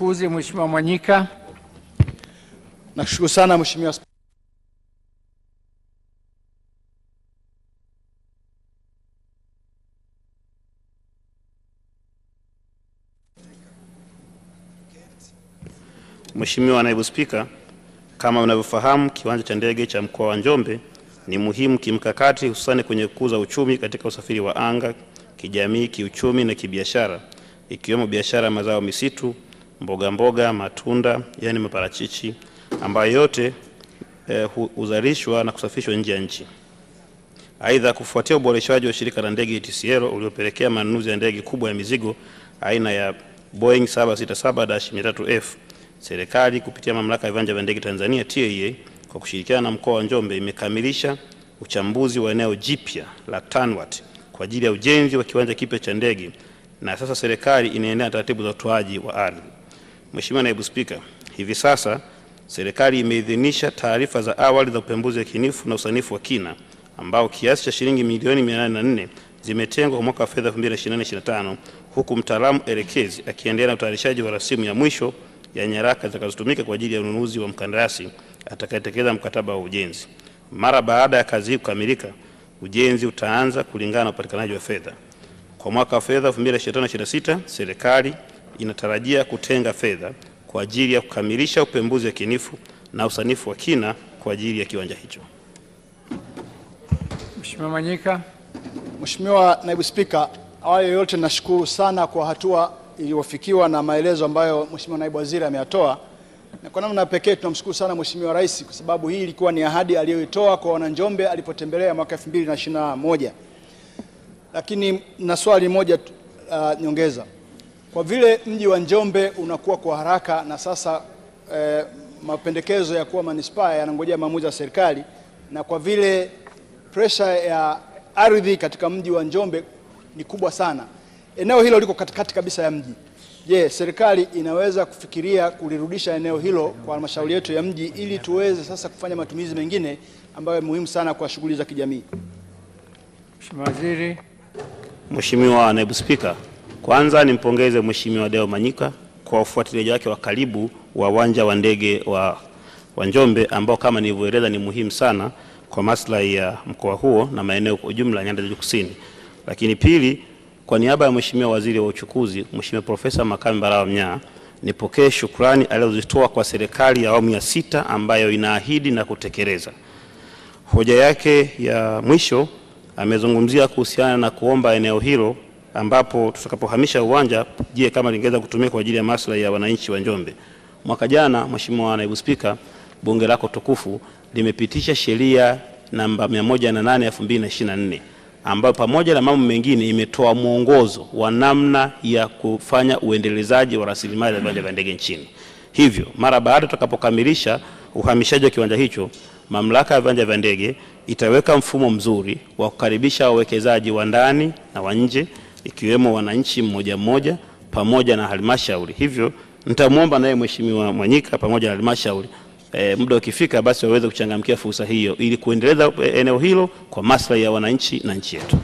Kuzi Mheshimiwa Mwanyika. Nashukuru sana Mheshimiwa Mheshimiwa Naibu Spika, kama unavyofahamu kiwanja cha ndege cha mkoa wa Njombe ni muhimu kimkakati, hususani kwenye kukuza uchumi katika usafiri wa anga, kijamii, kiuchumi na kibiashara, ikiwemo biashara ya mazao misitu mboga mboga, matunda yani maparachichi, ambayo yote eh, huzalishwa na kusafishwa nje ya nchi. Aidha, kufuatia uboreshaji wa shirika la ndege ATCL e uliopelekea manunuzi ya ndege kubwa ya mizigo aina ya Boeing 767-300F, serikali kupitia mamlaka ya viwanja vya ndege Tanzania TAA kwa kushirikiana na mkoa wa Njombe imekamilisha uchambuzi wa eneo jipya la TANWAT kwa ajili ya ujenzi wa kiwanja kipya cha ndege na sasa serikali inaendelea na taratibu za utoaji wa ardhi. Mheshimiwa Naibu Spika, hivi sasa serikali imeidhinisha taarifa za awali za upembuzi yakinifu na usanifu wa kina ambao kiasi cha shilingi milioni 804 zimetengwa kwa mwaka wa fedha 2024/2025 huku mtaalamu elekezi akiendelea na utayarishaji wa rasimu ya mwisho ya nyaraka zitakazotumika kwa ajili ya ununuzi wa mkandarasi atakayetekeleza mkataba wa ujenzi. Mara baada ya kazi hii kukamilika, ujenzi utaanza kulingana na upatikanaji wa fedha. Kwa mwaka wa fedha 2025/2026 serikali inatarajia kutenga fedha kwa ajili ya kukamilisha upembuzi yakinifu na usanifu wa kina kwa ajili ya kiwanja hicho. Mheshimiwa Manyika. Mheshimiwa Naibu Spika, awali yote nashukuru sana kwa hatua iliyofikiwa na maelezo ambayo Mheshimiwa Naibu Waziri ameyatoa, na kwa namna pekee tunamshukuru sana Mheshimiwa Rais kwa sababu hii ilikuwa ni ahadi aliyoitoa kwa wananjombe alipotembelea mwaka 2021. Lakini na swali moja uh, nyongeza kwa vile mji wa Njombe unakuwa kwa haraka na sasa eh, mapendekezo ya kuwa manispaa yanangojea maamuzi ya serikali, na kwa vile presha ya ardhi katika mji wa Njombe ni kubwa sana, eneo hilo liko katikati kabisa ya mji. Je, serikali inaweza kufikiria kulirudisha eneo hilo kwa halmashauri yetu ya mji ili tuweze sasa kufanya matumizi mengine ambayo ni muhimu sana kwa shughuli za kijamii? Mheshimiwa Waziri. Mheshimiwa Naibu Spika, kwanza nimpongeze Mheshimiwa Deo Manyika kwa ufuatiliaji wake wa karibu wa uwanja wa ndege wa, wa Njombe ambao kama nilivyoeleza ni muhimu sana kwa maslahi ya mkoa huo na maeneo kwa ujumla nyanda za kusini. Lakini pili, kwa niaba ya Mheshimiwa Waziri wa Uchukuzi, Mheshimiwa Profesa Makame Mbarawa Mnyaa, nipokee shukrani alizozitoa kwa serikali ya awamu ya sita ambayo inaahidi na kutekeleza. Hoja yake ya mwisho amezungumzia kuhusiana na kuomba eneo hilo ambapo tutakapohamisha uwanja, je, kama lingeweza kutumia kwa ajili ya maslahi ya wananchi wa Njombe. Mwaka jana, Mheshimiwa Naibu Spika, bunge lako tukufu limepitisha sheria namba 108 2024 ambayo pamoja na mambo mengine imetoa mwongozo wa namna ya kufanya uendelezaji wa rasilimali za viwanja vya ndege nchini. Hivyo mara baada tutakapokamilisha uhamishaji wa kiwanja hicho, mamlaka ya viwanja vya ndege itaweka mfumo mzuri wa kukaribisha wawekezaji wa ndani na wa nje ikiwemo wananchi mmoja mmoja pamoja na halmashauri. Hivyo nitamwomba naye Mheshimiwa Mwanyika pamoja na halmashauri e, muda ukifika basi waweze kuchangamkia fursa hiyo ili kuendeleza eh, eneo hilo kwa maslahi ya wananchi na nchi yetu.